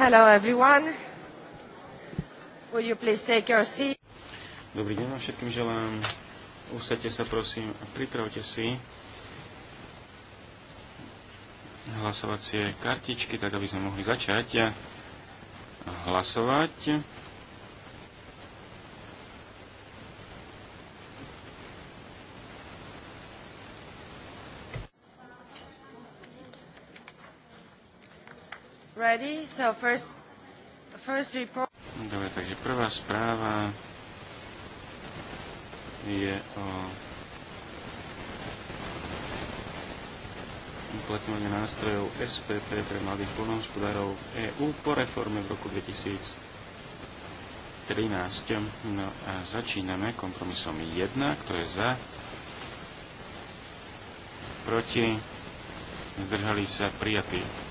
Hello everyone. Will you please take your seat? Dobrý deň vám všetkým želám. Usaďte sa prosím a pripravte si hlasovacie kartičky, tak aby sme mohli začať hlasovať. So first, first report... Dobre, takže prvá správa je o uplatňovanie nástrojov SPP pre mladých polnohospodárov v EÚ po reforme v roku 2013. No a začíname kompromisom 1, kto je za, proti, zdržali sa prijatí.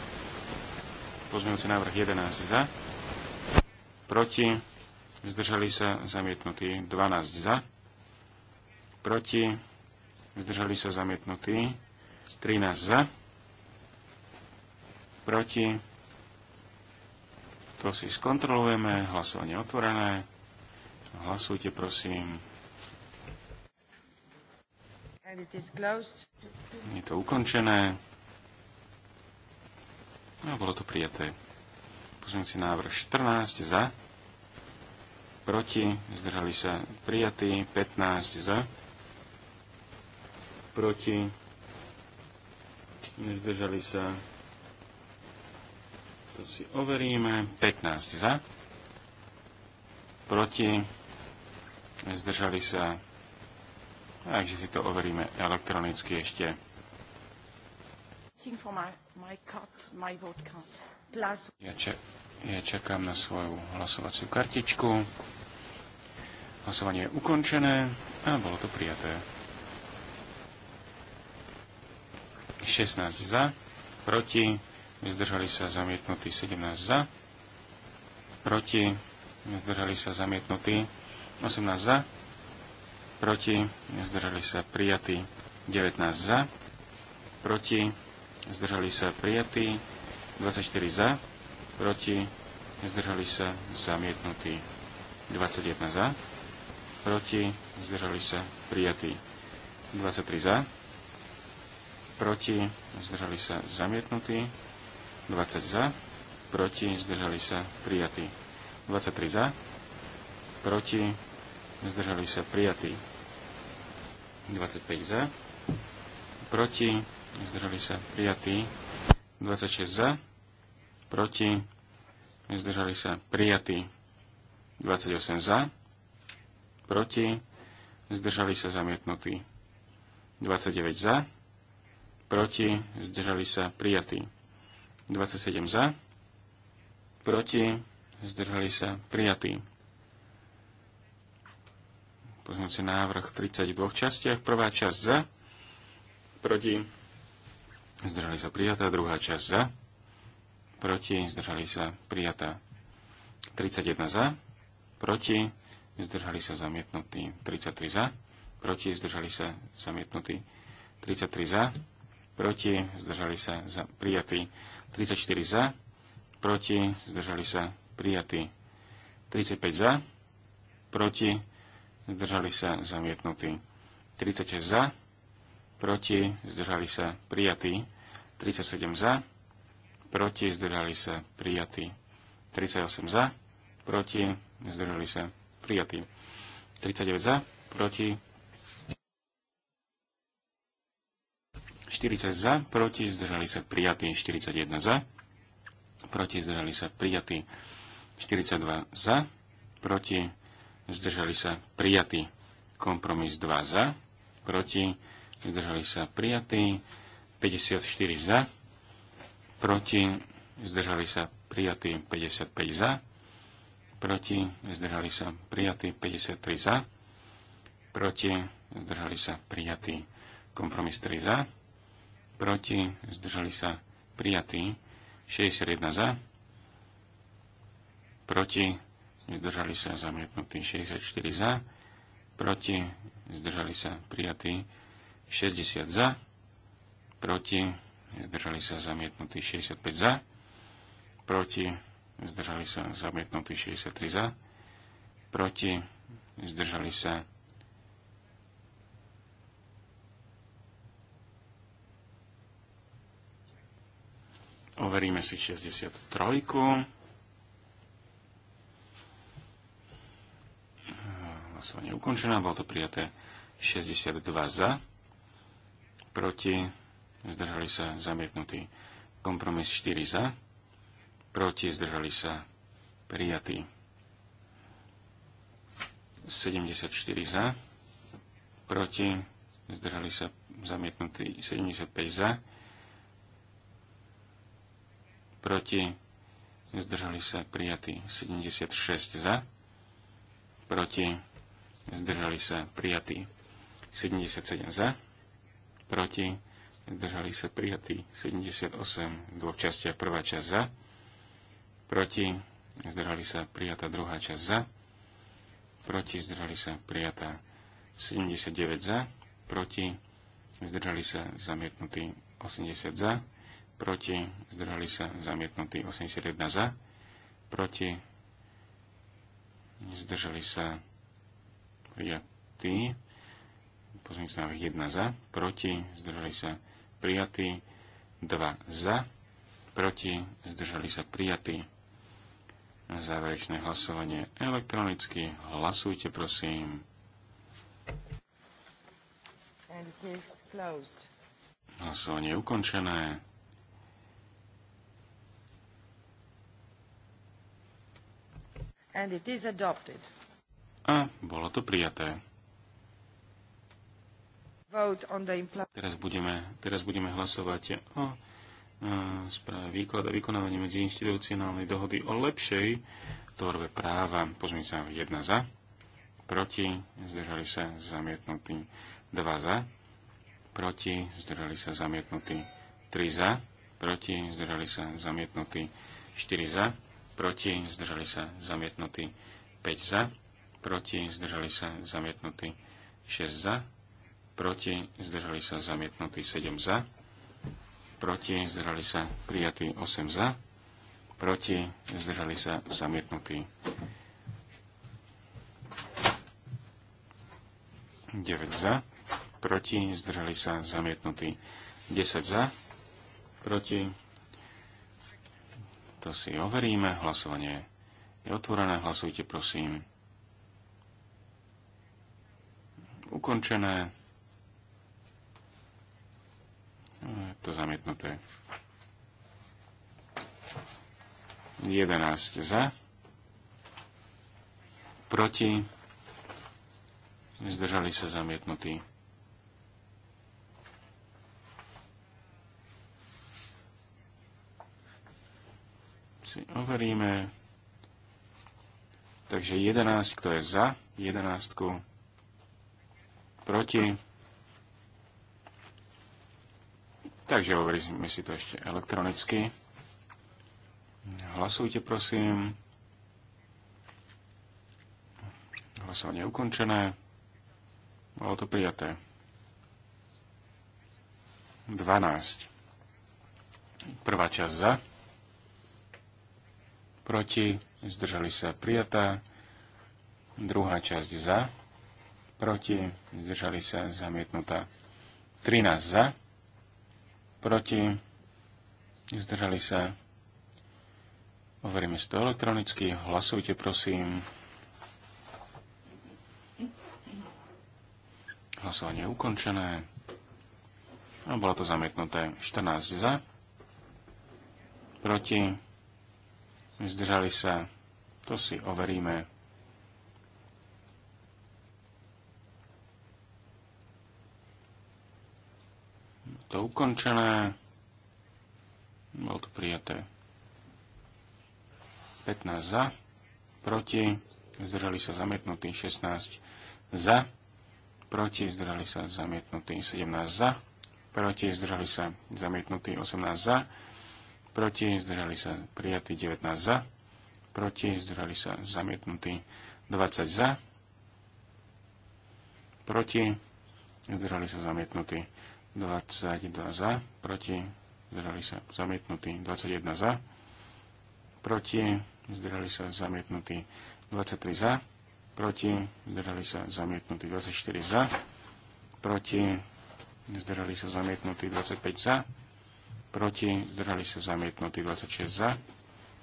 Pozmeňujúci návrh 11 za. Proti. Zdržali sa zamietnutí 12 za. Proti. Zdržali sa zamietnutí 13 za. Proti. To si skontrolujeme. Hlasovanie otvorené. Hlasujte, prosím. Je to ukončené. No, bolo to prijaté. Pozmeňujúci návrh 14 za, proti, zdržali sa prijatí, 15 za, proti, nezdržali sa, to si overíme, 15 za, proti, zdržali sa, takže si to overíme elektronicky ešte waiting for my, my my vote Plus... Ja, čak, ja čakám na svoju hlasovaciu kartičku. Hlasovanie je ukončené a bolo to prijaté. 16 za, proti, zdržali sa zamietnutí 17 za, proti, zdržali sa zamietnutí 18 za, proti, zdržali sa prijatí 19 za, proti, zdržali sa prijatí, 24 za, proti, zdržali sa zamietnutí, 21 za, proti, zdržali sa prijatí, 23 za, proti, zdržali sa zamietnutí, 20 za, proti, zdržali sa prijatí, 23 za, proti, zdržali sa prijatí, 25 za, proti, zdržali sa prijatí. 26 za, proti, zdržali sa prijatí. 28 za, proti, zdržali sa zamietnutí. 29 za, proti, zdržali sa prijatí. 27 za, proti, zdržali sa prijatí. Poznúci návrh v 32 častiach. Prvá časť za, proti, zdržali sa prijatá, druhá časť za, proti, zdržali sa prijatá 31 za, proti, zdržali sa zamietnutí 33 za, proti, zdržali sa zamietnutí 33 za, proti, zdržali sa za, prijatí 34 za, proti, zdržali sa prijatí 35 za, proti, zdržali sa zamietnutí 36 za, proti, zdržali sa prijatí. 37 za, proti, zdržali sa prijatí. 38 za, proti, zdržali sa prijatí. 39 za, proti, 40 za, proti, zdržali sa prijatí. 41 za, proti, zdržali sa prijatí. 42 za, proti, zdržali sa prijatí. Kompromis 2 za, proti, zdržali sa prijatí, 54 za, proti, zdržali sa prijatí 55 za, proti, zdržali sa prijatí 53 za, proti, zdržali sa prijatí kompromis 3 za, proti, zdržali sa prijatí 61 za, proti, zdržali sa zamietnutí 64 za, proti, zdržali sa prijatí 60 za, proti, zdržali sa zamietnutí 65 za, proti, zdržali sa zamietnutí 63 za, proti, zdržali sa Overíme si 63. Hlasovanie ukončené, bolo to prijaté 62 za proti, zdržali sa zamietnutí. Kompromis 4 za, proti, zdržali sa prijatí. 74 za, proti, zdržali sa zamietnutí. 75 za, proti, zdržali sa prijatí. 76 za, proti, zdržali sa prijatí. 77 za, proti, zdržali sa prijatí 78 v dvoch častiach, prvá časť za, proti, zdržali sa prijatá druhá časť za, proti, zdržali sa prijatá 79 za, proti, zdržali sa zamietnutí 80 za, proti, zdržali sa zamietnutí 81 za, proti, zdržali sa prijatí Pozmeňujúci návrh 1 za, proti, zdržali sa prijatí. 2 za, proti, zdržali sa prijatí. Záverečné hlasovanie elektronicky. Hlasujte, prosím. Hlasovanie je ukončené. And it is adopted. A bolo to prijaté. Teraz budeme, teraz budeme hlasovať o e, správe výklad a vykonávanie medziinstitucionálnej dohody o lepšej tvorbe práva. Pozmi sa 1 za, proti, zdržali sa zamietnutí 2 za, proti, zdržali sa zamietnutí 3 za, proti, zdržali sa zamietnutí štyri za, proti, zdržali sa zamietnutí 5 za, proti, zdržali sa zamietnutí 6 za, proti, zdržali sa zamietnutí 7 za, proti, zdržali sa prijatí 8 za, proti, zdržali sa zamietnutí 9 za, proti, zdržali sa zamietnutí 10 za, proti, to si overíme, hlasovanie je otvorené, hlasujte prosím. Ukončené. No, to zamietnuté. 11 za, proti, zdržali sa zamietnutí. Si overíme. Takže 11, kto je za, 11, proti, Takže overíme si to ešte elektronicky. Hlasujte, prosím. Hlasovanie je ukončené. Bolo to prijaté. 12. Prvá časť za. Proti. Zdržali sa prijatá. Druhá časť za. Proti. Zdržali sa zamietnutá. 13 za proti, zdržali sa. Overíme si to elektronicky, hlasujte prosím. Hlasovanie je ukončené. A bolo to zamietnuté 14 za, proti, zdržali sa. To si overíme. to ukončené. Bolo to prijaté 15 za, proti, zdržali sa zamietnutí 16 za, proti, zdržali sa zamietnutí 17 za, proti, zdržali sa zamietnutí 18 za, proti, zdržali sa prijatí 19 za, proti, zdržali sa zamietnutí 20 za, proti, zdržali sa zamietnutí 22 za, proti, zdržali sa zamietnutí 21 za, proti, zdržali sa zamietnutí 23 za, proti, zdržali sa zamietnutí 24 za, proti, zdržali sa zamietnutí 25 za, proti, zdržali sa zamietnutí 26 za,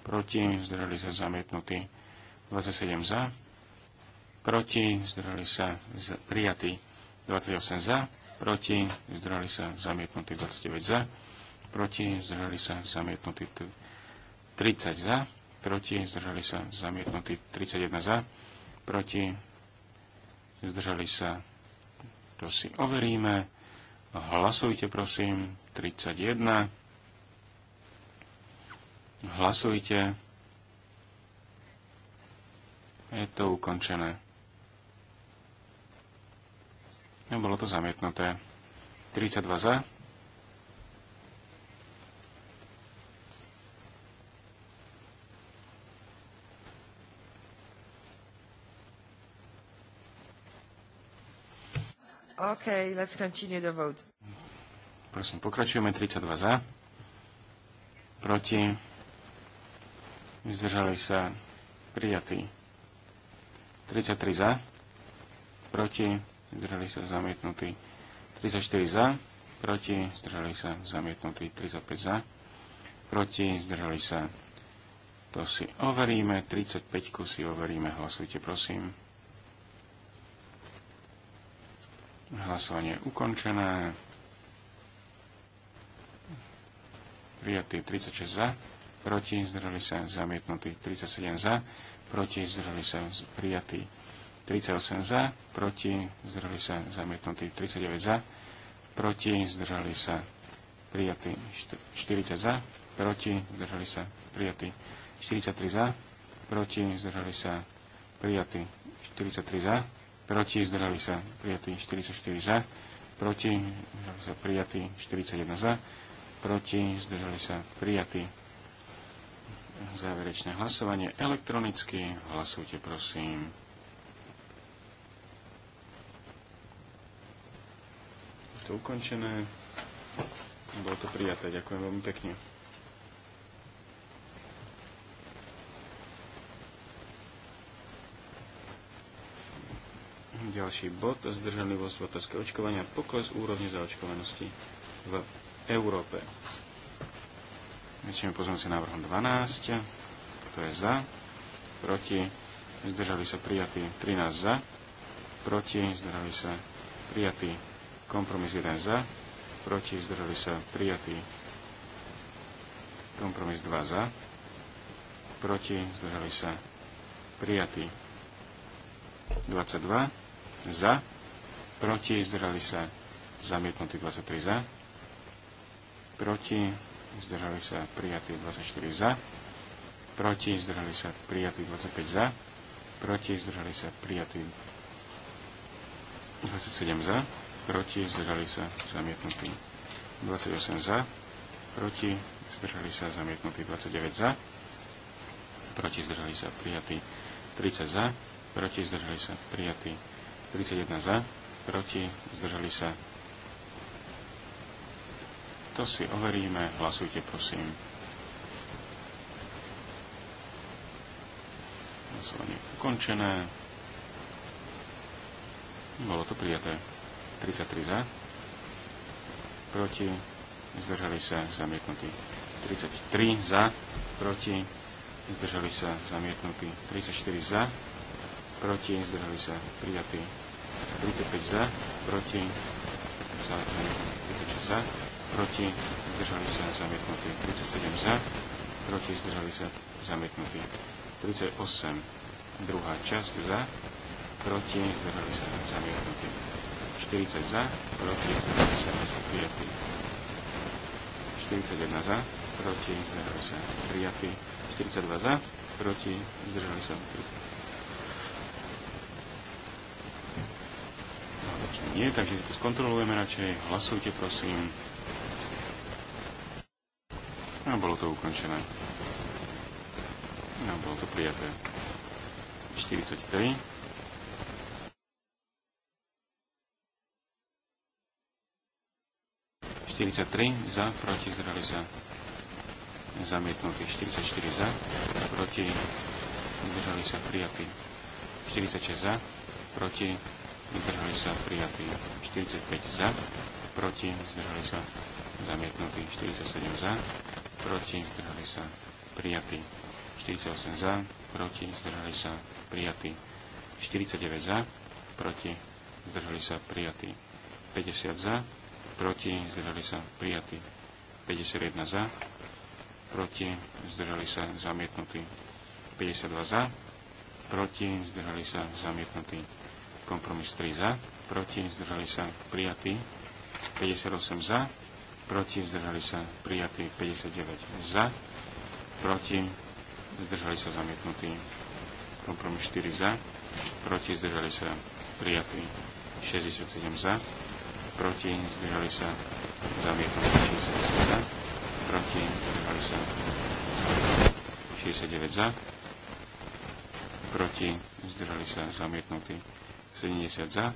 proti, zdržali sa zamietnutí 27 za, proti, zdržali sa prijatí 28 za, proti, zdrali sa zamietnutí 29 za, proti, zdrali sa zamietnutí 30 za, proti, zdržali sa zamietnutí 31 za, proti, zdržali sa, to si overíme, hlasujte prosím, 31, hlasujte, je to ukončené. Bolo to zamietnuté. 32 za. OK, let's continue the vote. Prosím, pokračujeme. 32 za. Proti. Zdržali sa. Prijatí. 33 za. Proti zdržali sa zamietnutí 34 za, proti, zdržali sa zamietnutí 35 za, proti, zdržali sa. To si overíme, 35 si overíme, hlasujte prosím. Hlasovanie je ukončené. Prijatý 36 za, proti, zdržali sa zamietnutí 37 za, proti, zdržali sa prijatí 38 za, proti, zdržali sa zamietnutí 39 za, proti, zdržali sa prijatí 40 za, proti, zdržali sa prijatí 43 za, proti, zdržali sa prijatí 43 za, proti, zdržali sa prijatí 44 za, proti, zdržali sa prijatí 41 za, proti, zdržali sa prijatí záverečné hlasovanie elektronicky. Hlasujte prosím. to ukončené. Bolo to prijaté. Ďakujem veľmi pekne. Ďalší bod, zdržanlivosť v otázke očkovania, pokles úrovne zaočkovanosti v Európe. Začneme pozornosť návrhom 12. Kto je za? Proti? Zdržali sa prijatí 13 za. Proti? Zdržali sa prijatí Kompromis 1 za, proti, zdržali sa prijatý. Kompromis 2 za, proti, zdržali sa prijatý. 22 za, proti, zdržali sa zamietnutý 23 za, proti, zdržali sa prijatý 24 za, proti, zdržali sa prijatý 25 za, proti, zdržali sa prijatý 27 za, proti, zdržali sa, zamietnutí 28 za, proti, zdržali sa, zamietnutí 29 za, proti, zdržali sa, prijatí 30 za, proti, zdržali sa, prijatí 31 za, proti, zdržali sa. To si overíme, hlasujte prosím. Hlasovanie ukončené. Bolo to prijaté. 33 za, proti, zdržali sa zamietnutí 33 za, proti, zdržali sa zamietnutí 34 za, proti, zdržali sa prijatí 35 za, proti, za, 36 za, proti, zdržali sa zamietnutí 37 za, proti, zdržali sa zamietnutí 38 druhá časť za, proti, zdržali sa zamietnutí 40 za, proti, zdržali sa, prijatý. 41 za, proti, zdržali sa, prijatý. 42 za, proti, zdržali sa, prijatý. nie, takže si to skontrolujeme radšej. Hlasujte, prosím. A bolo to ukončené. A bolo to prijaté. 43 43 za, proti, zdržali sa zamietnutí. 44 za, proti, zdržali sa prijatí. 46 za, proti, zdržali sa prijatí. 45 za, proti, zdržali sa zamietnutí. 47 za, proti, zdržali sa prijatí. 48 za, proti, zdržali sa prijatí. 49 za, proti, zdržali sa prijatí. 50 za, proti, zdržali sa prijatí. 51 za, proti, zdržali sa zamietnutí. 52 za, proti, zdržali sa zamietnutí. Kompromis 3 za, proti, zdržali sa prijatí. 58 za, proti, zdržali sa prijatí. 59 za, proti, zdržali sa zamietnutí. Kompromis 4 za, proti, zdržali sa prijatí. 67 za, proti, zdržali sa, zamietnuté. 62 za, proti, zdržali sa, 69 za, proti, zdržali sa, zamietnutí. 70 za,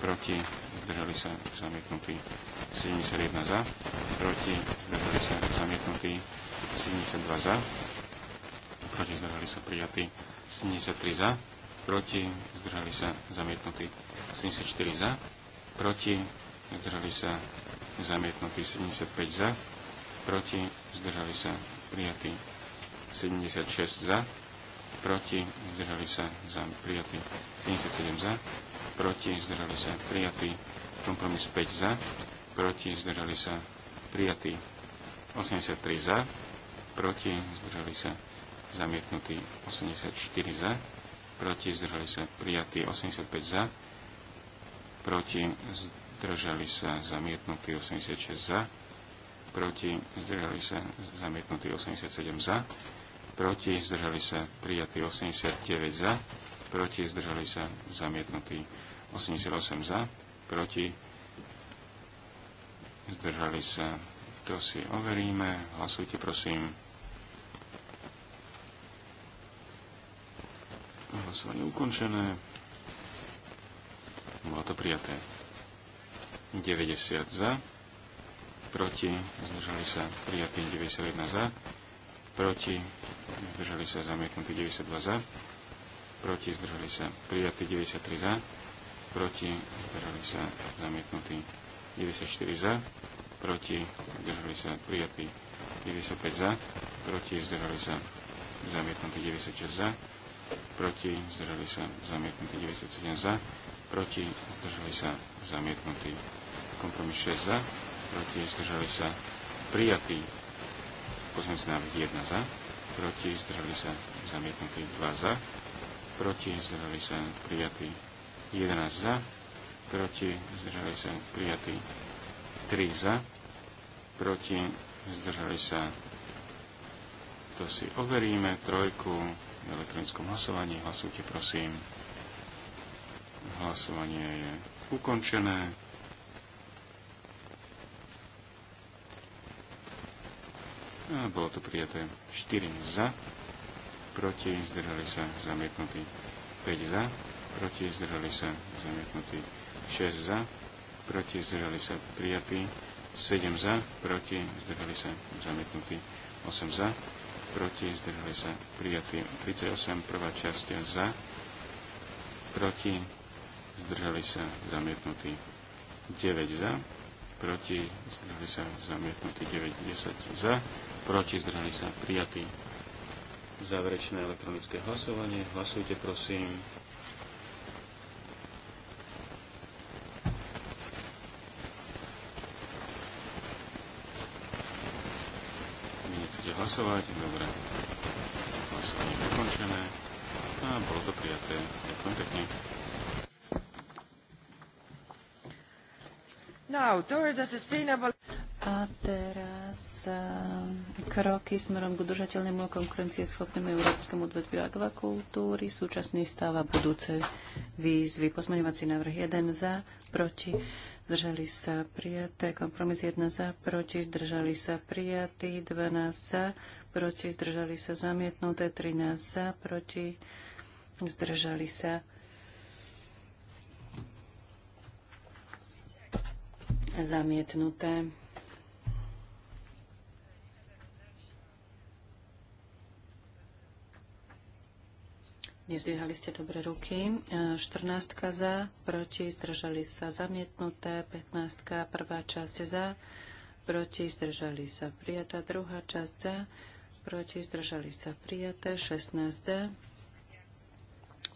proti, zdržali sa, zamietnutí. 71 za, proti, zdržali sa, zamietnutí. 72 za, proti, zdržali sa, prijatí. 73 za, proti, zdržali sa, zamietnutí. 74 za, proti, zdržali sa zamietnutí 75 za, proti, zdržali sa prijatí 76 za, proti, zdržali sa za prijatí 77 za, proti, zdržali sa prijatí kompromis 5 za, proti, zdržali sa prijatí 83 za, proti, zdržali sa zamietnutí 84 za, proti, zdržali sa prijatí 85 za, proti, zdržali zdržali sa zamietnutí 86 za, proti zdržali sa zamietnutí 87 za, proti zdržali sa prijatí 89 za, proti zdržali sa zamietnutí 88 za, proti zdržali sa. To si overíme. Hlasujte prosím. Hlasovanie ukončené. Bolo to prijaté. 90 za, proti, zdržali sa prijatí 91 za, proti, zdržali sa zamietnutí 92 za, proti, zdržali sa prijatí 93 za, proti, zdržali sa zamietnutí 94 za, proti, zdržali sa prijatí 95 za, proti, zdržali sa zamietnutí 96 za, proti, zdržali sa zamietnutí 97 za, proti, zdržali sa zamietnutí. Kompromis 6 za, proti, zdržali sa prijatí. Pozmeňujúci návrh 1 za, proti, zdržali sa zamietnutí 2 za, proti, zdržali sa prijatí 11 za, proti, zdržali sa prijatí 3 za, proti, zdržali sa to si overíme, trojku v elektronickom hlasovaní. Hlasujte, prosím. Hlasovanie je ukončené. A bolo to prijaté 4 za, proti zdržali sa zamietnutí 5 za, proti zdržali sa zamietnutí 6 za, proti zdržali sa prijatí 7 za, proti zdržali sa zamietnutí 8 za, proti zdržali sa prijatí 38, prvá časť za, proti zdržali sa zamietnutí 9 za, proti zdržali sa zamietnutí 9, 10 za, proti zdržali sa prijatí. Záverečné elektronické hlasovanie. Hlasujte prosím. Nechcete hlasovať? Dobre. Hlasovanie ukončené. A bolo to prijaté. Ďakujem pekne. Now, towards a sustainable... A teraz uh, kroky smerom k udržateľnému a konkurencieschopnému európskemu odvetviu akvakultúry, súčasný stav a budúce výzvy. Pozmeňovací návrh 1 za, proti, zdržali sa prijaté, kompromis 1 za, proti, zdržali sa prijatí, 12 za, proti, zdržali sa zamietnuté, 13 za, proti, zdržali sa Zamietnuté. Nezdvíhali ste dobre ruky. 14 e, za, proti, zdržali sa zamietnuté. 15 prvá časť za, proti, zdržali sa prijatá. Druhá časť za, proti, zdržali sa prijaté. 16 za,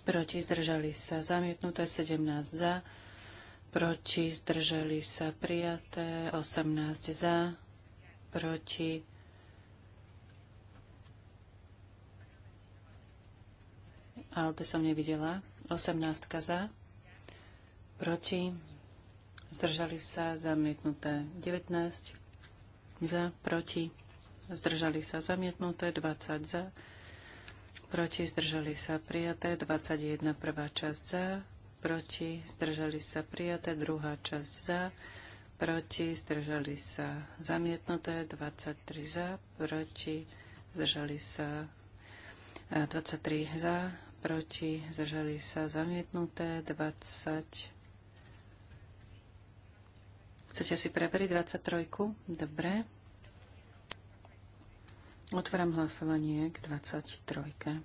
proti, zdržali sa zamietnuté. 17 za, proti, zdržali sa prijaté, 18 za, proti, ale to som nevidela, 18 za, proti, zdržali sa, zamietnuté 19 za, proti, zdržali sa, zamietnuté 20 za, proti, zdržali sa, prijaté 21 prvá časť za, proti, zdržali sa prijaté, druhá časť za, proti, zdržali sa zamietnuté, 23 za, proti, zdržali sa 23 e, za, proti, zdržali sa zamietnuté, 20 Chcete si preveriť 23? Dobre. Otváram hlasovanie k 23.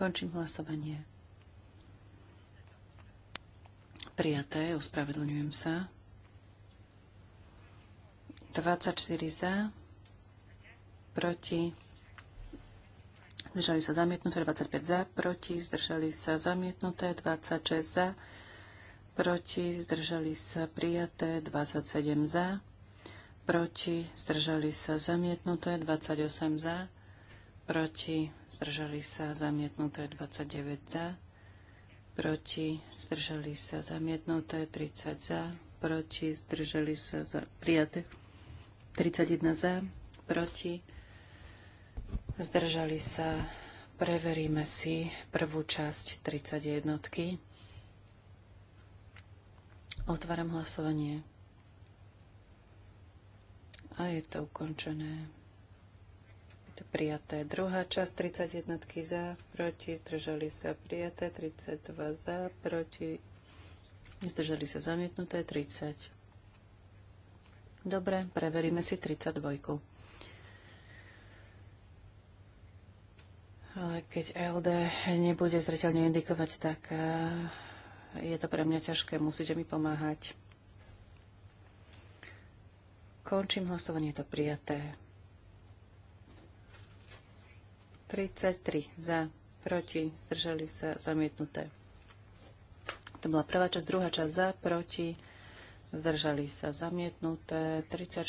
Končím hlasovanie. Prijaté, ospravedlňujem sa. 24 za, proti, zdržali sa zamietnuté, 25 za, proti, zdržali sa zamietnuté, 26 za, proti, zdržali sa prijaté, 27 za, proti, zdržali sa zamietnuté, 28 za, proti, zdržali sa zamietnuté, 29 za, proti, zdržali sa zamietnuté, 30 za, proti, zdržali sa za, prijaté, 31 za, proti, zdržali sa, preveríme si prvú časť 31. jednotky. Otváram hlasovanie. A je to ukončené. To prijaté. Druhá časť 31 za, proti, zdržali sa prijaté, 32 za, proti, zdržali sa zamietnuté, 30. Dobre, preveríme si 32. Ale keď LD nebude zreteľne indikovať, tak eh, je to pre mňa ťažké, musíte mi pomáhať. Končím hlasovanie, je to prijaté. 33 za, proti, zdržali sa, zamietnuté. To bola prvá časť, druhá časť za, proti, zdržali sa, zamietnuté. 34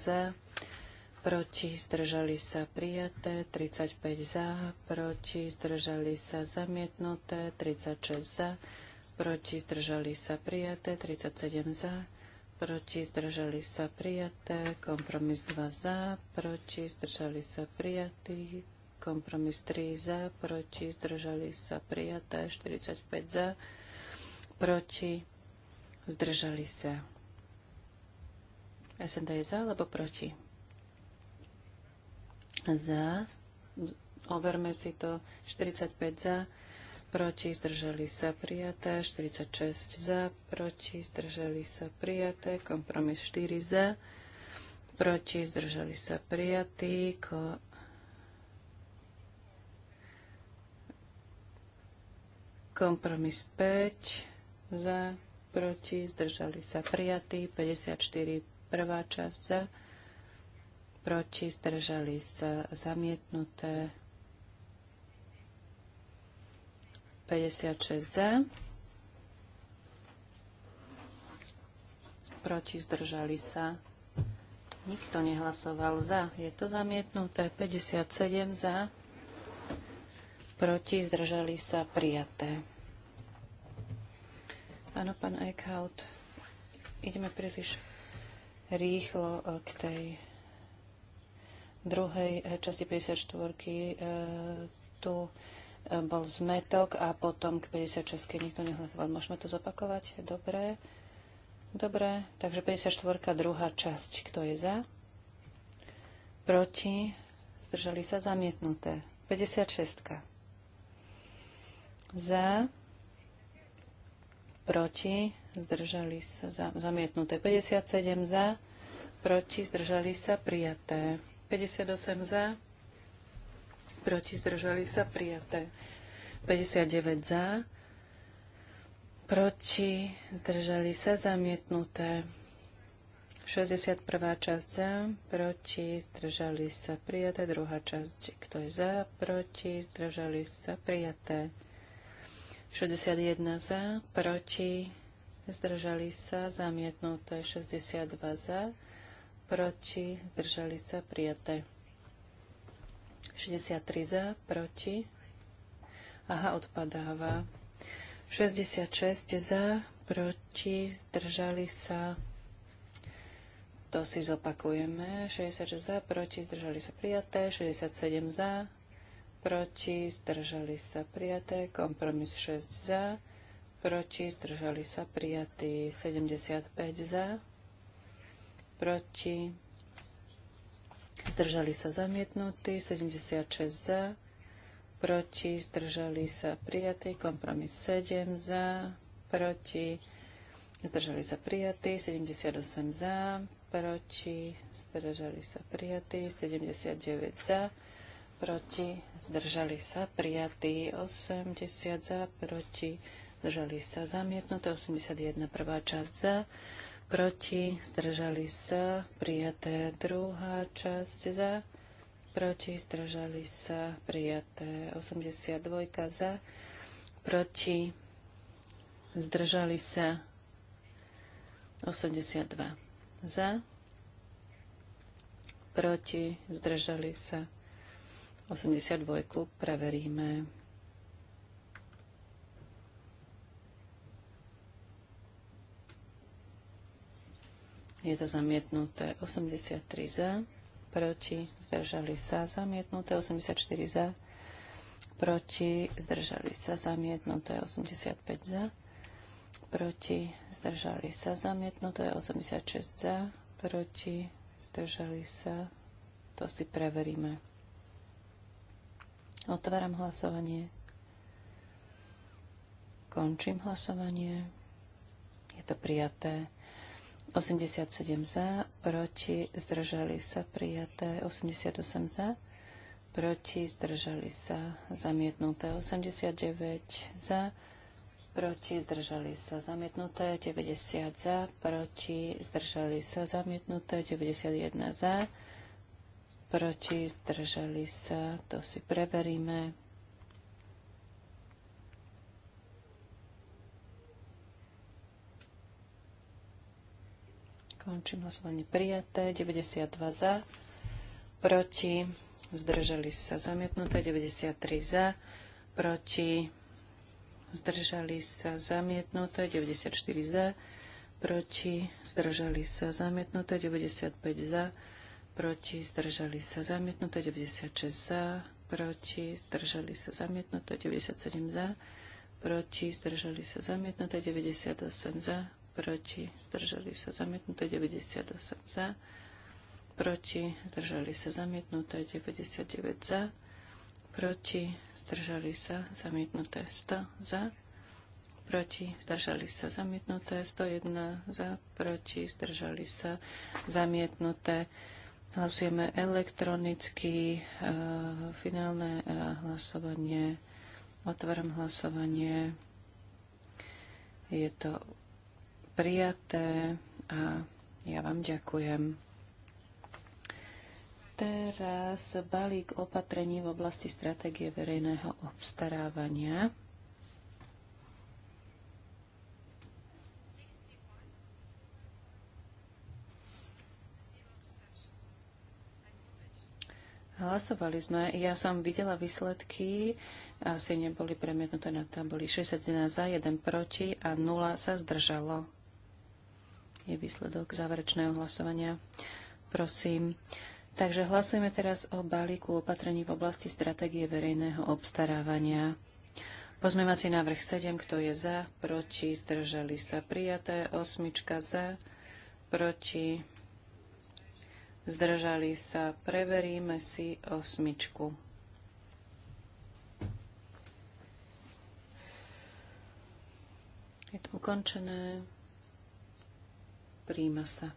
za, proti, zdržali sa, prijaté. 35 za, proti, zdržali sa, zamietnuté. 36 za, proti, zdržali sa, prijaté. 37 za, proti, zdržali sa, prijaté. Kompromis 2 za, proti, zdržali sa, prijatý kompromis 3 za, proti, zdržali sa prijaté, 45 za, proti, zdržali sa. SND je za alebo proti? Za. Overme si to. 45 za, proti, zdržali sa prijaté, 46 za, proti, zdržali sa prijaté, kompromis 4 za, proti, zdržali sa prijatí, ko Kompromis 5 za, proti, zdržali sa prijatí. 54 prvá časť za, proti, zdržali sa zamietnuté. 56 za, proti, zdržali sa. Nikto nehlasoval za. Je to zamietnuté. 57 za, proti, zdržali sa prijaté. Áno, pán Eichhout, ideme príliš rýchlo eh, k tej druhej eh, časti 54. Eh, tu bol zmetok a potom k 56. nikto nehlasoval. Môžeme to zopakovať? Dobre. Dobre, takže 54. druhá časť. Kto je za? Proti? Zdržali sa zamietnuté. 56 za, proti, zdržali sa za, zamietnuté 57 za, proti, zdržali sa prijaté 58 za, proti, zdržali sa prijaté 59 za, proti, zdržali sa zamietnuté 61. časť za, proti, zdržali sa prijaté. Druhá časť, kto je za, proti, zdržali sa prijaté. 61 za, proti, zdržali sa, zamietnuté 62 za, proti, zdržali sa, prijaté. 63 za, proti, aha, odpadáva. 66 za, proti, zdržali sa, to si zopakujeme. 66 za, proti, zdržali sa prijaté. 67 za, proti, zdržali sa prijaté, kompromis 6 za, proti, zdržali sa prijatí 75 za, proti, zdržali sa zamietnutí 76 za, proti, zdržali sa prijatí, kompromis 7 za, proti, zdržali sa prijatí 78 za, proti, zdržali sa prijatí 79 za, proti, zdržali sa, prijatý 80 za, proti, zdržali sa, zamietnuté 81 prvá časť za, proti, zdržali sa, prijaté druhá časť za, proti, zdržali sa, prijaté 82 za, proti, zdržali sa 82 za, proti, zdržali sa 82 preveríme. Je to zamietnuté 83 za, proti, zdržali sa, zamietnuté 84 za, proti, zdržali sa, zamietnuté 85 za, proti, zdržali sa, zamietnuté 86 za, proti, zdržali sa, to si preveríme. Otváram hlasovanie. Končím hlasovanie. Je to prijaté. 87 za, proti, zdržali sa, prijaté. 88 za, proti, zdržali sa, zamietnuté. 89 za, proti, zdržali sa, zamietnuté. 90 za, proti, zdržali sa, zamietnuté. 91 za, proti, zdržali sa, to si preveríme. Končím hlasovanie prijaté, 92 za, proti, zdržali sa zamietnuté, 93 za, proti, zdržali sa zamietnuté, 94 za, proti, zdržali sa zamietnuté, 95 za, proti, zdržali sa zamietnuté, 96 za, proti, zdržali sa zamietnuté, 97 za, proti, zdržali sa zamietnuté, 98 za, proti, zdržali sa zamietnuté, 98 za, proti, zdržali sa zamietnuté, 99 za, proti, zdržali sa zamietnuté, 100 za, proti, zdržali sa zamietnuté, 101 za, proti, zdržali sa zamietnuté, Hlasujeme elektronicky. Eh, finálne eh, hlasovanie. Otváram hlasovanie. Je to prijaté a ja vám ďakujem. Teraz balík opatrení v oblasti stratégie verejného obstarávania. hlasovali sme. Ja som videla výsledky, asi neboli premietnuté na tabuli. 61 za, 1 proti a 0 sa zdržalo. Je výsledok záverečného hlasovania. Prosím. Takže hlasujeme teraz o balíku opatrení v oblasti stratégie verejného obstarávania. Pozmevací návrh 7, kto je za, proti, zdržali sa prijaté, osmička za, proti, zdržali sa, preveríme si osmičku. Je to ukončené. Príjma sa.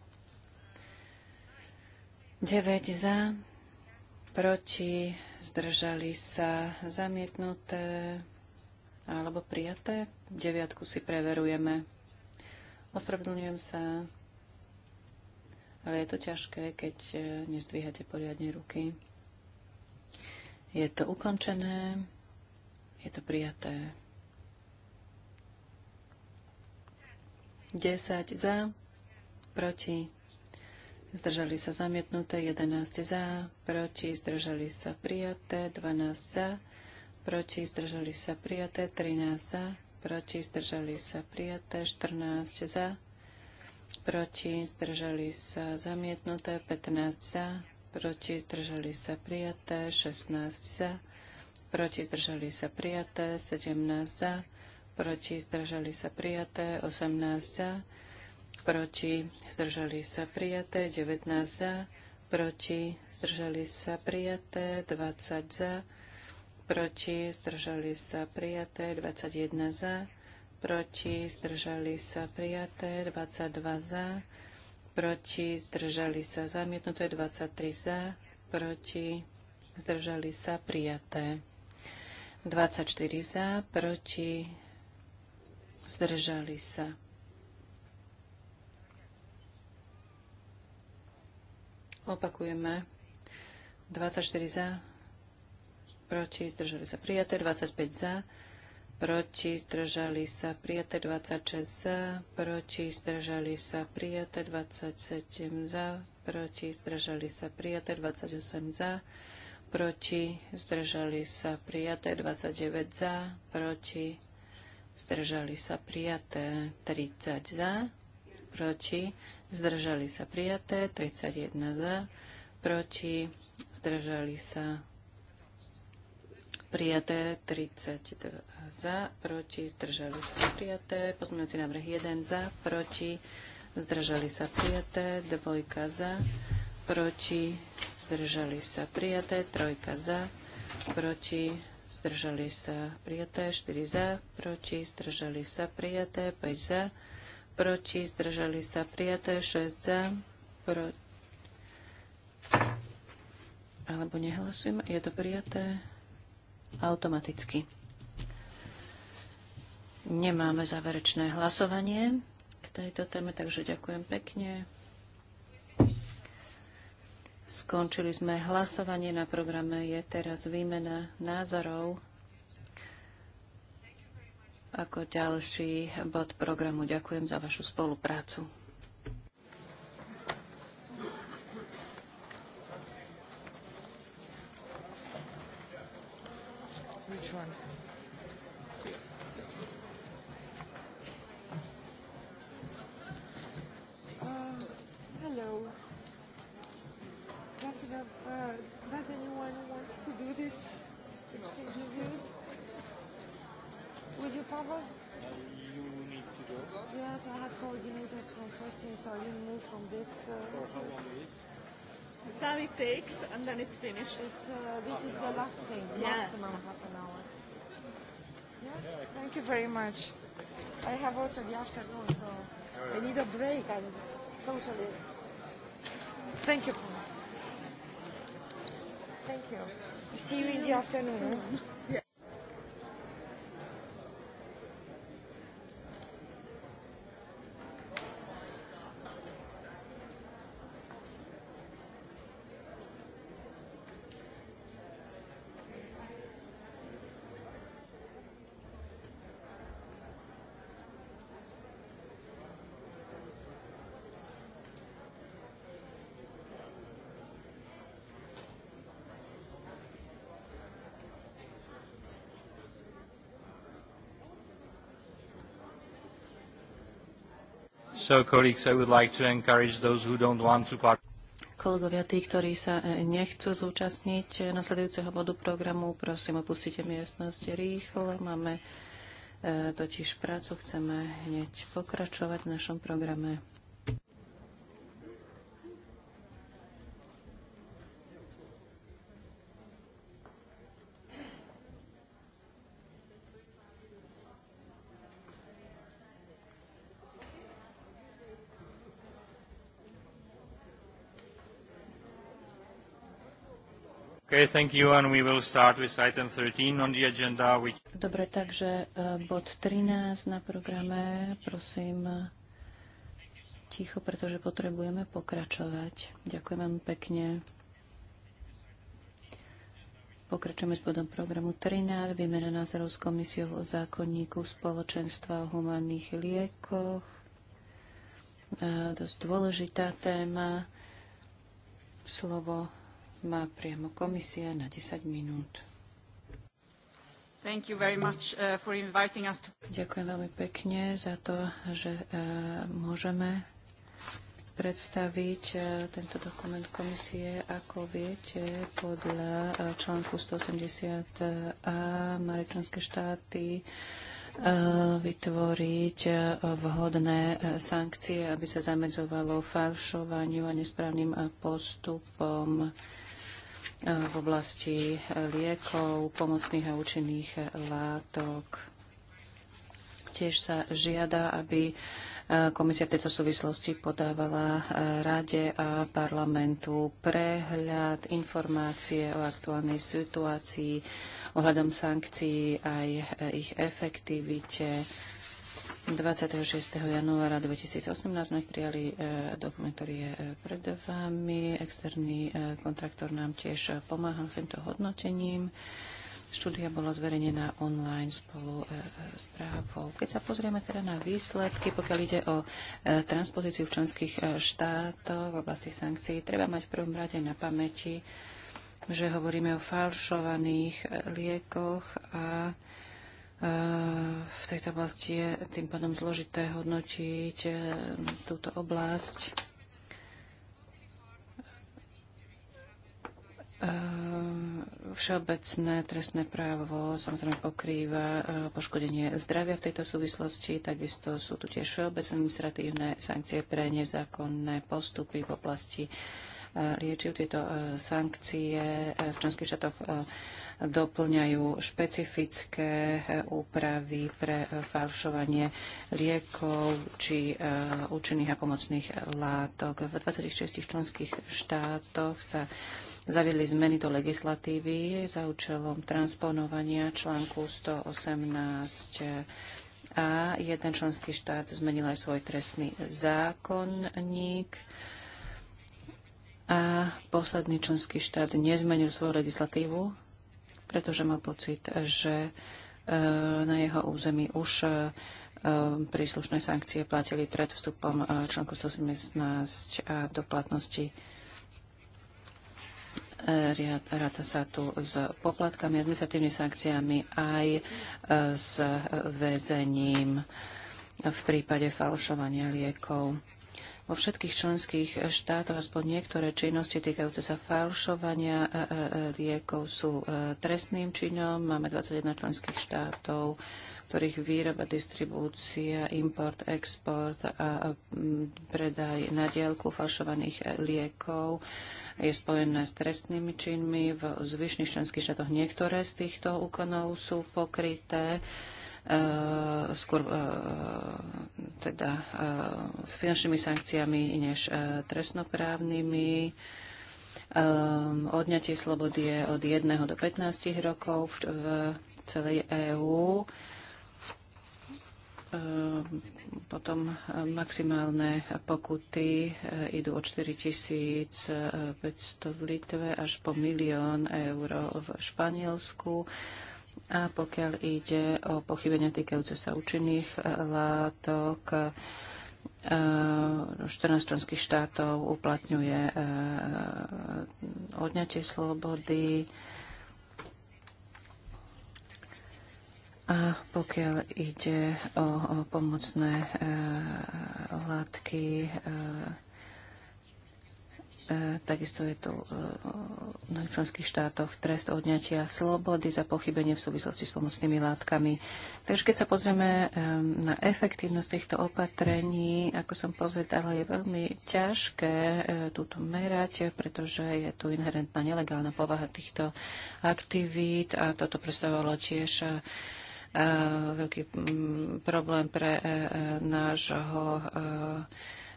9 za, proti, zdržali sa, zamietnuté alebo prijaté. Deviatku si preverujeme. Ospravedlňujem sa ale je to ťažké, keď e, nezdvíhate poriadne ruky. Je to ukončené, je to prijaté. 10 za, proti, zdržali sa zamietnuté, 11 za, proti, zdržali sa prijaté, 12 za, proti, zdržali sa prijaté, 13 za, proti, zdržali sa prijaté, 14 za, proti, zdržali sa zamietnuté, 15 za, proti, zdržali sa prijaté, 16 za, proti, zdržali sa prijaté, 17 za, proti, zdržali sa prijaté, 18 za, proti, zdržali sa prijaté, 19 za, proti, zdržali sa prijaté, 20 za, proti, zdržali sa prijaté, 21 za, proti, zdržali sa prijaté, 22 za, proti, zdržali sa zamietnuté, 23 za, proti, zdržali sa prijaté. 24 za, proti, zdržali sa. Opakujeme. 24 za, proti, zdržali sa prijaté, 25 za, proti, zdržali sa prijaté 26 za, proti, zdržali sa prijaté 27 za, proti, zdržali sa prijaté 28 za, proti, zdržali sa prijaté 29 za, proti, zdržali sa prijaté 30 za, proti, zdržali sa prijaté 31 za, proti, zdržali sa prijaté 30 za, proti, zdržali sa prijaté, pozmeňujúci návrh 1 za, proti, zdržali sa prijaté, dvojka za, proti, zdržali sa prijaté, trojka za, proti, zdržali sa prijaté, 4 za, proti, zdržali sa prijaté, 5 za, proti, zdržali sa prijaté, 6 za, proti, alebo nehlasujeme, je to prijaté, automaticky. Nemáme záverečné hlasovanie k tejto téme, takže ďakujem pekne. Skončili sme hlasovanie. Na programe je teraz výmena názorov ako ďalší bod programu. Ďakujem za vašu spoluprácu. Which one? Uh, hello. Does, have, uh, does anyone want to do this interviews? Would you cover? Uh, yes, I have coordinators from first thing, so I didn't move from this. Uh, For how long is? The time it takes and then it's finished. It's, uh, this is the last thing, yeah. maximum half an hour. Yeah? Thank you very much. I have also the afternoon, so I need a break. I'm totally... Thank you. Thank you. See you in the afternoon. Soon. So, colleagues, I would like to encourage those who don't want to part- Kolegovia, tí, ktorí sa e, nechcú zúčastniť e, nasledujúceho bodu programu, prosím, opustite miestnosť rýchlo. Máme e, totiž prácu, chceme hneď pokračovať v našom programe. Dobre, takže e, bod 13 na programe, prosím e, ticho, pretože potrebujeme pokračovať. Ďakujem vám pekne. Pokračujeme s bodom programu 13, výmena názorov s komisiou o zákonníku spoločenstva o humánnych liekoch. E, dosť dôležitá téma. Slovo má priamo komisia na 10 minút. Thank you very much uh, for inviting us to... Ďakujem veľmi pekne za to, že uh, môžeme predstaviť uh, tento dokument komisie. Ako viete, podľa článku 180a Maričanské štáty vytvoriť vhodné sankcie, aby sa zamedzovalo falšovaniu a nesprávnym postupom v oblasti eh, liekov, pomocných a účinných eh, látok. Tiež sa žiada, aby eh, komisia v tejto súvislosti podávala rade a parlamentu prehľad, informácie o aktuálnej situácii ohľadom sankcií aj ich efektivite 26. januára 2018 sme prijali e, dokument, ktorý je e, pred vami. Externý e, kontraktor nám tiež pomáhal s týmto hodnotením. Štúdia bola zverejnená online spolu s právou. Keď sa pozrieme teda na výsledky, pokiaľ ide o transpozíciu v členských štátoch v oblasti sankcií, treba mať v prvom rade na pamäti, že hovoríme o falšovaných liekoch a v tejto oblasti je tým pádom zložité hodnotiť eh, túto oblasť. Eh, všeobecné trestné právo samozrejme pokrýva eh, poškodenie zdravia v tejto súvislosti, takisto sú tu tiež všeobecné administratívne sankcie pre nezákonné postupy v oblasti liečiv. Tieto sankcie v členských štátoch doplňajú špecifické eh, úpravy pre eh, falšovanie liekov či eh, účinných a pomocných látok. V 26 členských štátoch sa zaviedli zmeny do legislatívy za účelom transponovania článku 118 a jeden členský štát zmenil aj svoj trestný zákonník a posledný členský štát nezmenil svoju legislatívu, pretože mal pocit, že e, na jeho území už e, príslušné sankcie platili pred vstupom e, článku 117 a do platnosti Ráta sa tu s poplatkami, administratívnymi sankciami aj s väzením v prípade falšovania liekov vo všetkých členských štátoch aspoň niektoré činnosti týkajúce sa falšovania e, e, e, liekov sú trestným činom. Máme 21 členských štátov, ktorých výroba, distribúcia, import, export a predaj na dielku falšovaných liekov je spojené s trestnými činmi. V zvyšných členských štátoch niektoré z týchto úkonov sú pokryté E, skôr e, teda e, finančnými sankciami než trestnoprávnymi. Odňatie slobody je od 1 do 15 rokov v celej EÚ potom maximálne pokuty idú od 4500 v Litve až po milión eur v Španielsku a pokiaľ ide o pochybenia týkajúce sa účinných eh, látok, 14 eh, členských štátov uplatňuje eh, odňatie slobody. A pokiaľ ide o pomocné látky, E, takisto je tu e, na členských štátoch trest odňatia slobody za pochybenie v súvislosti s pomocnými látkami. Takže keď sa pozrieme e, na efektívnosť týchto opatrení, ako som povedala, je veľmi ťažké túto merať, pretože je tu inherentná nelegálna povaha týchto aktivít a toto predstavovalo tiež veľký mm, problém pre nášho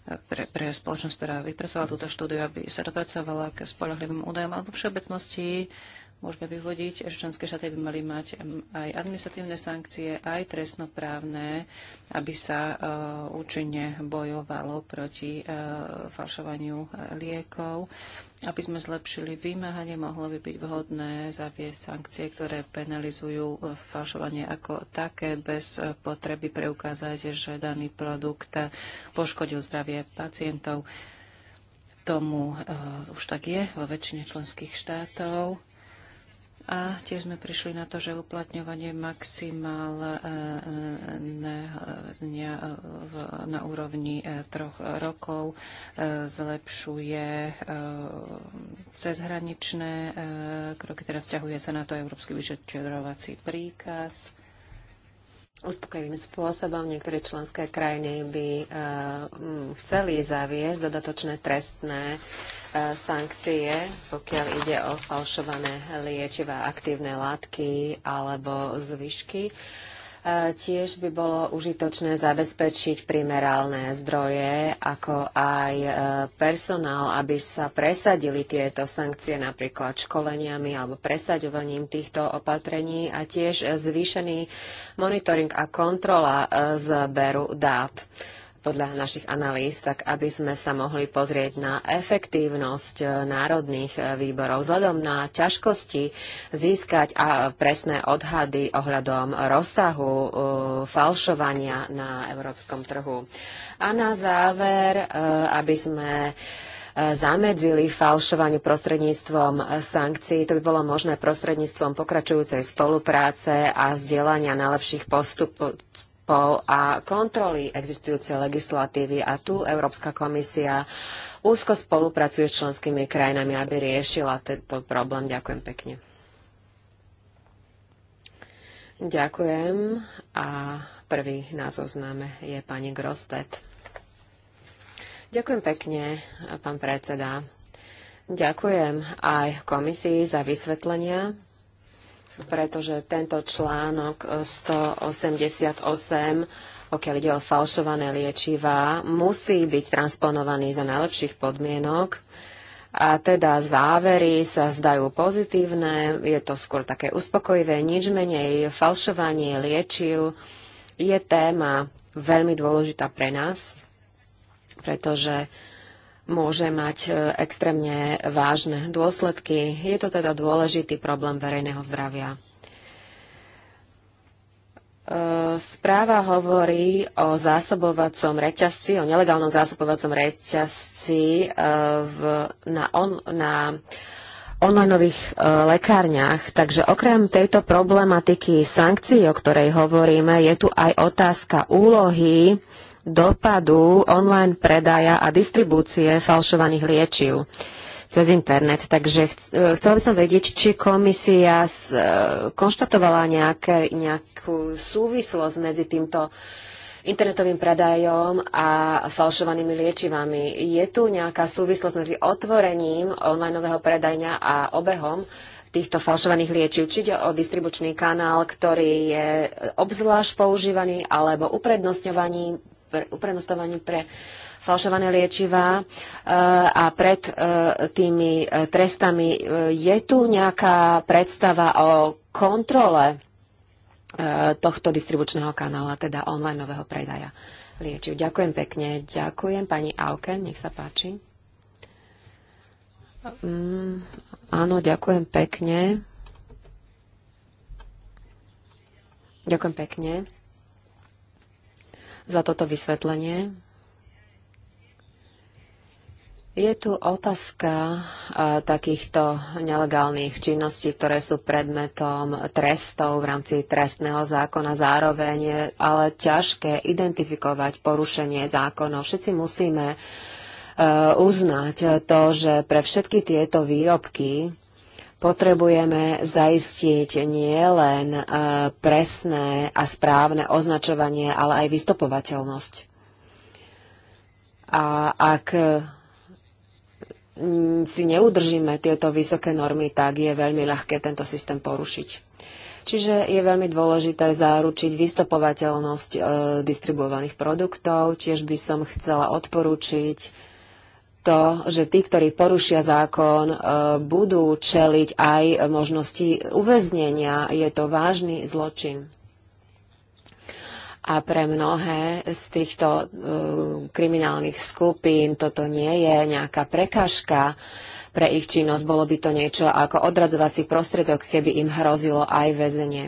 pre, pre spoločnosť, ktorá vypracovala túto štúdiu, aby sa dopracovala k spolahlivým údajom alebo všeobecnosti môžeme vyvodiť, že členské štáty by mali mať aj administratívne sankcie, aj trestnoprávne, aby sa e, účinne bojovalo proti e, falšovaniu e, liekov. Aby sme zlepšili vymáhanie, mohlo by byť vhodné zaviesť sankcie, ktoré penalizujú falšovanie ako také, bez potreby preukázať, že daný produkt poškodil zdravie pacientov tomu uh, už tak je vo väčšine členských štátov. A tiež sme prišli na to, že uplatňovanie maximálneho na úrovni e, troch rokov e, zlepšuje e, cezhraničné kroky. Teraz ťahuje sa na to Európsky vyšetrovací príkaz uspokojivým spôsobom. Niektoré členské krajiny by eh, chceli zaviesť dodatočné trestné eh, sankcie, pokiaľ ide o falšované liečivé aktívne látky alebo zvyšky. E, tiež by bolo užitočné zabezpečiť primerálne zdroje, ako aj e, personál, aby sa presadili tieto sankcie napríklad školeniami alebo presadovaním týchto opatrení a tiež e, zvýšený monitoring a kontrola zberu dát podľa našich analýz, tak aby sme sa mohli pozrieť na efektívnosť eh, národných eh, výborov vzhľadom na ťažkosti získať a eh, presné odhady ohľadom rozsahu falšovania na európskom trhu. A na záver, aby sme zamedzili falšovaniu prostredníctvom sankcií. To by bolo možné prostredníctvom pokračujúcej spolupráce a zdieľania najlepších postupov postupov a kontroly existujúcej legislatívy a tu Európska komisia úzko spolupracuje s členskými krajinami, aby riešila tento problém. Ďakujem pekne. Ďakujem a prvý na zozname je pani Grostet. Ďakujem pekne, pán predseda. Ďakujem aj komisii za vysvetlenia pretože tento článok 188, pokiaľ ide o falšované liečivá, musí byť transponovaný za najlepších podmienok. A teda závery sa zdajú pozitívne, je to skôr také uspokojivé, nič menej falšovanie liečiv je téma veľmi dôležitá pre nás, pretože môže mať e, extrémne vážne dôsledky. Je to teda dôležitý problém verejného zdravia. E, správa hovorí o zásobovacom reťazci, o nelegálnom zásobovacom reťazci e, v, na, on, na onlineových lekárniach. Takže okrem tejto problematiky sankcií, o ktorej hovoríme, je tu aj otázka úlohy dopadu online predaja a distribúcie falšovaných liečiv cez internet. Takže e, chcela by som vedieť, či komisia e, konštatovala nejaké, nejakú súvislosť medzi týmto internetovým predajom a falšovanými liečivami. Je tu nejaká súvislosť medzi otvorením onlineového predajňa a obehom týchto falšovaných liečiv? Či ide o distribučný kanál, ktorý je obzvlášť používaný alebo uprednostňovaný uprenostovaní pre falšované liečivá e, a pred e, tými e, trestami. Je tu nejaká predstava o kontrole tohto distribučného kanála, teda onlineového predaja liečiv. Ďakujem pekne. Ďakujem pani Alke, nech sa páči. Mm, áno, ďakujem pekne. Ďakujem pekne za toto vysvetlenie. Je tu otázka takýchto nelegálnych činností, ktoré sú predmetom trestov v rámci trestného zákona. Zároveň je ale ťažké identifikovať porušenie zákonov. Všetci musíme e, uznať to, že pre všetky tieto výrobky Potrebujeme zaistiť nielen e, presné a správne označovanie, ale aj vystopovateľnosť. A ak e, si neudržíme tieto vysoké normy, tak je veľmi ľahké tento systém porušiť. Čiže je veľmi dôležité zaručiť vystopovateľnosť e, distribuovaných produktov. Tiež by som chcela odporúčiť to, že tí, ktorí porušia zákon, e, budú čeliť aj možnosti uväznenia. Je to vážny zločin. A pre mnohé z týchto e, kriminálnych skupín toto nie je nejaká prekažka pre ich činnosť. Bolo by to niečo ako odradzovací prostriedok, keby im hrozilo aj väzenie.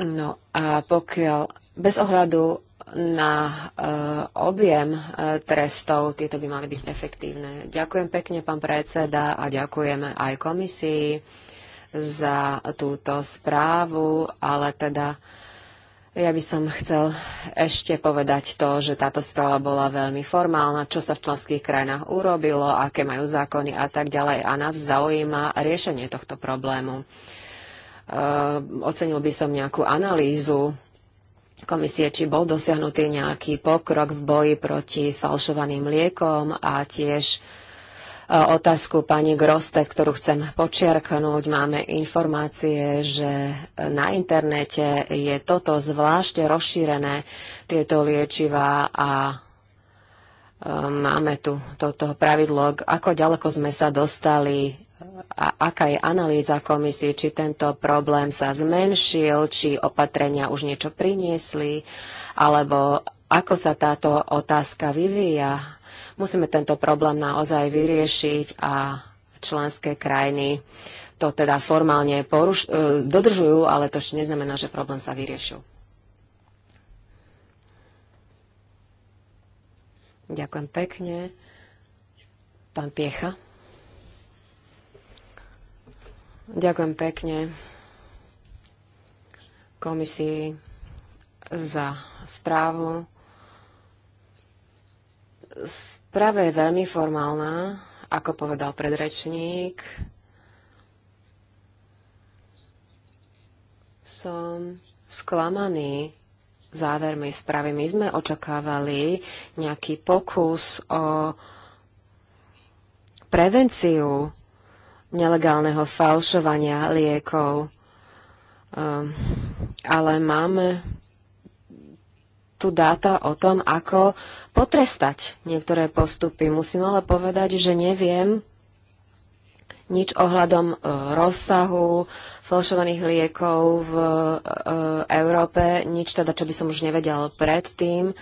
No a pokiaľ bez ohľadu na eh, objem eh, trestov. Tieto by mali byť efektívne. Ďakujem pekne, pán predseda, a ďakujeme aj komisii za túto správu, ale teda ja by som chcel ešte povedať to, že táto správa bola veľmi formálna, čo sa v členských krajinách urobilo, aké majú zákony a tak ďalej. A nás zaujíma riešenie tohto problému. Eh, ocenil by som nejakú analýzu komisie, či bol dosiahnutý nejaký pokrok v boji proti falšovaným liekom a tiež e, otázku pani Grostet, ktorú chcem počiarknúť. Máme informácie, že na internete je toto zvlášť rozšírené, tieto liečivá a e, máme tu toto pravidlo, ako ďaleko sme sa dostali a aká je analýza komisie, či tento problém sa zmenšil, či opatrenia už niečo priniesli, alebo ako sa táto otázka vyvíja. Musíme tento problém naozaj vyriešiť a členské krajiny to teda formálne poruš- e, dodržujú, ale to ešte neznamená, že problém sa vyriešil. Ďakujem pekne. Pán Piecha. Ďakujem pekne komisii za správu. Správa je veľmi formálna, ako povedal predrečník. Som sklamaný závermi správy. My sme očakávali nejaký pokus o prevenciu nelegálneho falšovania liekov. Um, ale máme tu dáta o tom, ako potrestať niektoré postupy. Musím ale povedať, že neviem nič ohľadom e, rozsahu falšovaných liekov v e, e, Európe, nič teda, čo by som už nevedel predtým.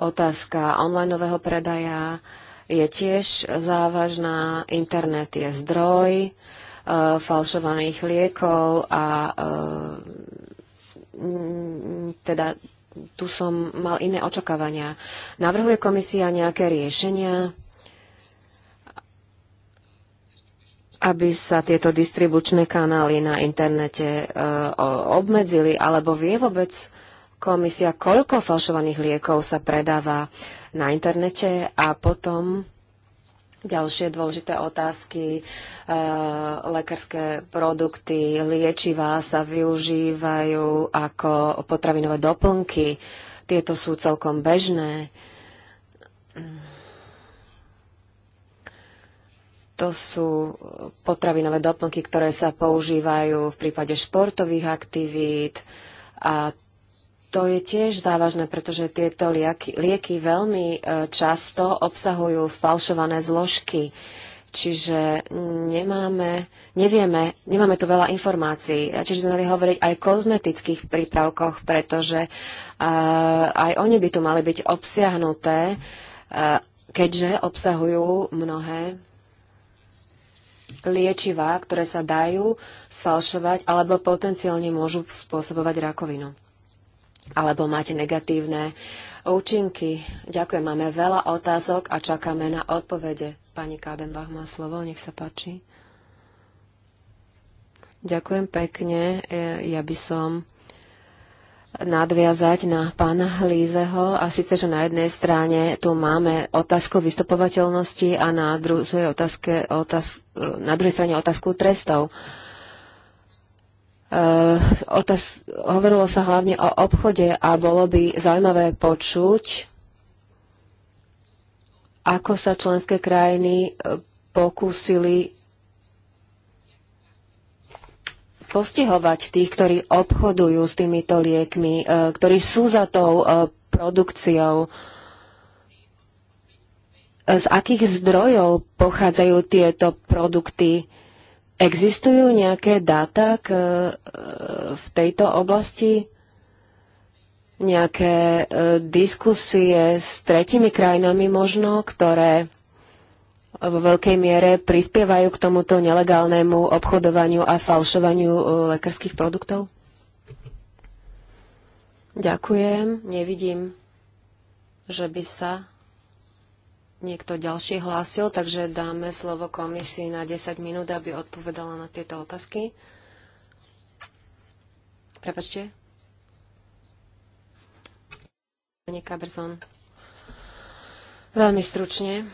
Otázka online predaja, je tiež závažná. Internet je zdroj e, falšovaných liekov a e, teda tu som mal iné očakávania. Navrhuje komisia nejaké riešenia, aby sa tieto distribučné kanály na internete e, obmedzili, alebo vie vôbec komisia, koľko falšovaných liekov sa predáva na internete a potom Ďalšie dôležité otázky. E, lekárske produkty, liečivá sa využívajú ako potravinové doplnky. Tieto sú celkom bežné. To sú potravinové doplnky, ktoré sa používajú v prípade športových aktivít a to je tiež závažné, pretože tieto lieky, lieky veľmi e, často obsahujú falšované zložky. Čiže nemáme, nevieme, nemáme tu veľa informácií. Čiže by mali hovoriť aj o kozmetických prípravkoch, pretože uh, aj oni by tu mali byť obsiahnuté, uh, keďže obsahujú mnohé liečivá, ktoré sa dajú sfalšovať alebo potenciálne môžu spôsobovať rakovinu alebo máte negatívne účinky. Ďakujem, máme veľa otázok a čakáme na odpovede. Pani Kádenbach má slovo, nech sa páči. Ďakujem pekne. E, ja by som nadviazať na pána Hlízeho. A síce, že na jednej strane tu máme otázku vystupovateľnosti a na, otázke, otáz- e, na druhej strane otázku trestov. Uh, Eh, otáz, hovorilo sa hlavne o obchode a bolo by zaujímavé počuť, ako sa členské krajiny eh, pokúsili postihovať tých, ktorí obchodujú s týmito liekmi, eh, ktorí sú za tou produkciou. Z akých zdrojov pochádzajú tieto produkty? Existujú nejaké dáta k, e, v tejto oblasti? Nejaké e, diskusie s tretimi krajinami možno, ktoré vo veľkej miere prispievajú k tomuto nelegálnemu obchodovaniu a falšovaniu e, lekárskych produktov? Ďakujem. Nevidím, že by sa niekto ďalší hlásil, takže dáme slovo komisii na 10 minút, aby odpovedala na tieto otázky. Prepačte. Pani Kaberson. Veľmi stručne.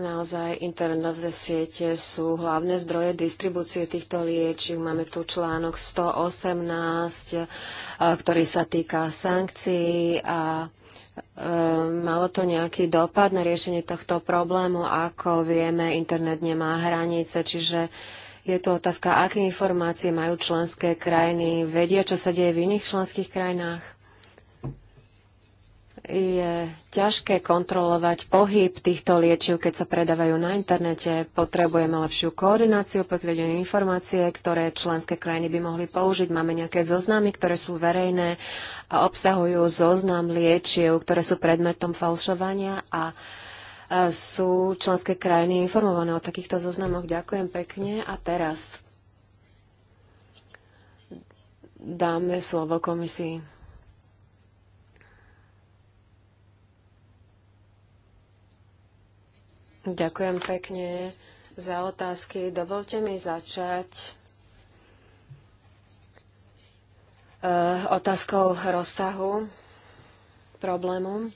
Naozaj internetové siete sú hlavné zdroje distribúcie týchto liečiv. Máme tu článok 118, e, ktorý sa týka sankcií a e, malo to nejaký dopad na riešenie tohto problému. Ako vieme, internet nemá hranice, čiže je to otázka, aké informácie majú členské krajiny, vedia, čo sa deje v iných členských krajinách je ťažké kontrolovať pohyb týchto liečiv, keď sa predávajú na internete. Potrebujeme lepšiu koordináciu, pokiaľ informácie, ktoré členské krajiny by mohli použiť. Máme nejaké zoznamy, ktoré sú verejné a obsahujú zoznam liečiv, ktoré sú predmetom falšovania a sú členské krajiny informované o takýchto zoznamoch. Ďakujem pekne. A teraz dáme slovo komisii. Ďakujem pekne za otázky. Dovolte mi začať eh, otázkou rozsahu problému.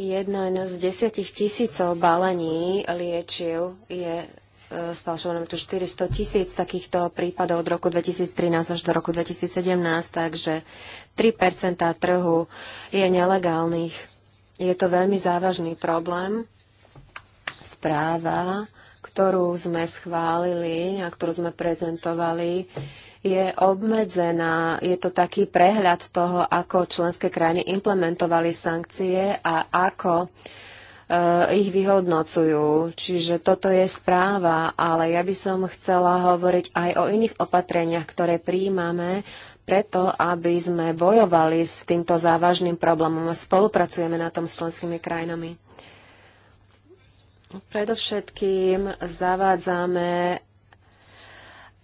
Jedna z desiatich tisícov balení liečiv je eh, sfalšované tu 400 tisíc takýchto prípadov od roku 2013 až do roku 2017, takže 3 trhu je nelegálnych. Je to veľmi závažný problém. Správa, ktorú sme schválili a ktorú sme prezentovali, je obmedzená. Je to taký prehľad toho, ako členské krajiny implementovali sankcie a ako eh, ich vyhodnocujú. Čiže toto je správa, ale ja by som chcela hovoriť aj o iných opatreniach, ktoré príjmame preto, aby sme bojovali s týmto závažným problémom a spolupracujeme na tom s členskými krajinami. Predovšetkým zavádzame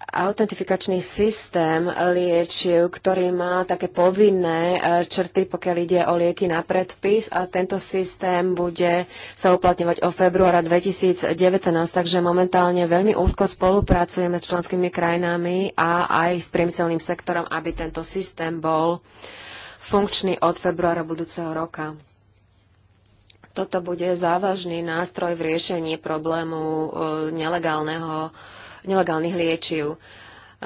autentifikačný systém liečiv, ktorý má také povinné e, črty, pokiaľ ide o lieky na predpis a tento systém bude sa uplatňovať o februára 2019, takže momentálne veľmi úzko spolupracujeme s členskými krajinami a aj s priemyselným sektorom, aby tento systém bol funkčný od februára budúceho roka. Toto bude závažný nástroj v riešení problému e, nelegálneho nelegálnych liečiv eh,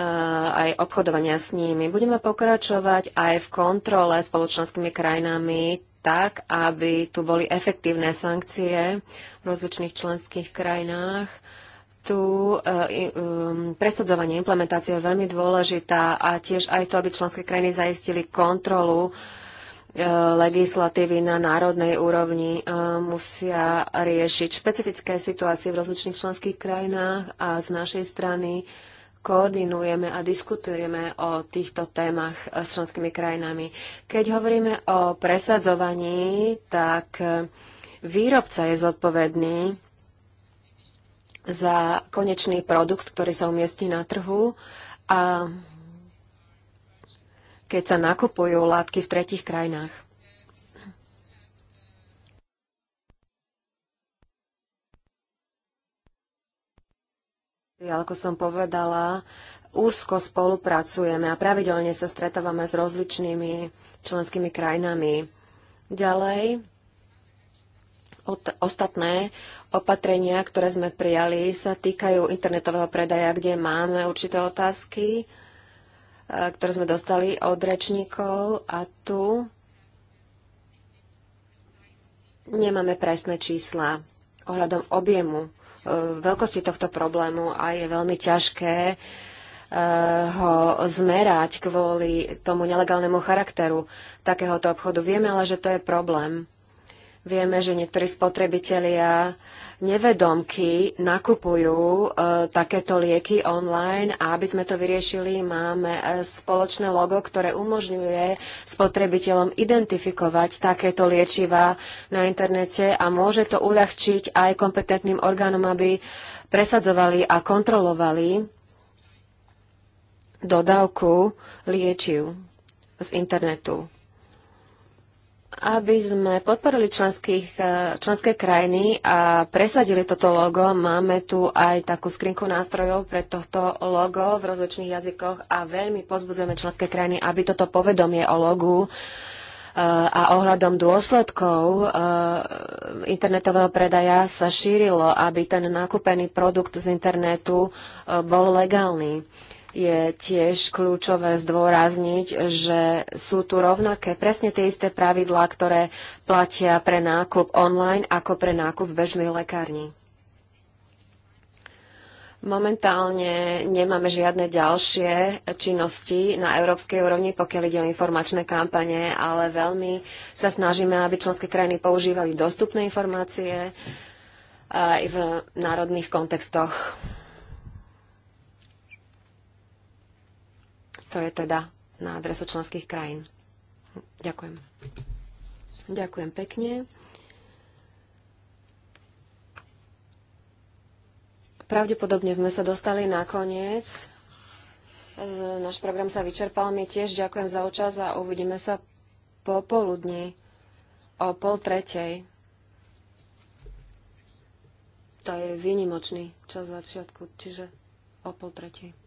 aj obchodovania s nimi. Budeme pokračovať aj v kontrole spoločenskými krajinami tak, aby tu boli efektívne sankcie v rozličných členských krajinách. Tu eh, um, presadzovanie implementácie je veľmi dôležitá a tiež aj to, aby členské krajiny zaistili kontrolu E, legislatívy na národnej úrovni e, musia riešiť špecifické situácie v rozličných členských krajinách a z našej strany koordinujeme a diskutujeme o týchto témach s členskými krajinami. Keď hovoríme o presadzovaní, tak výrobca je zodpovedný za konečný produkt, ktorý sa umiestni na trhu a keď sa nakopujú látky v tretich krajinách. Ako som povedala, úzko spolupracujeme a pravidelne sa stretávame s rozličnými členskými krajinami. Ďalej, ostatné opatrenia, ktoré sme prijali, sa týkajú internetového predaja, kde máme určité otázky ktoré sme dostali od rečníkov a tu nemáme presné čísla ohľadom objemu e, veľkosti tohto problému a je veľmi ťažké e, ho zmerať kvôli tomu nelegálnemu charakteru takéhoto obchodu. Vieme ale, že to je problém. Vieme, že niektorí spotrebitelia nevedomky nakupujú e, takéto lieky online a aby sme to vyriešili, máme e, spoločné logo, ktoré umožňuje spotrebiteľom identifikovať takéto liečiva na internete a môže to uľahčiť aj kompetentným orgánom, aby presadzovali a kontrolovali dodávku liečiv z internetu aby sme podporili e, členské krajiny a presadili toto logo. Máme tu aj takú skrinku nástrojov pre tohto logo v rozličných jazykoch a veľmi pozbudzujeme členské krajiny, aby toto povedomie o logu e, a ohľadom dôsledkov e, internetového predaja sa šírilo, aby ten nakúpený produkt z internetu bol legálny je tiež kľúčové zdôrazniť, že sú tu rovnaké presne tie isté pravidlá, ktoré platia pre nákup online ako pre nákup v bežnej lekárni. Momentálne nemáme žiadne ďalšie činnosti na európskej úrovni, pokiaľ ide o informačné kampane, ale veľmi sa snažíme, aby členské krajiny používali dostupné informácie aj v národných kontextoch. To je teda na adresu členských krajín. Ďakujem. Ďakujem pekne. Pravdepodobne sme sa dostali na koniec. E, náš program sa vyčerpal. My tiež ďakujem za účasť a uvidíme sa poludni o pol tretej. To je výnimočný čas začiatku, čiže o pol tretej.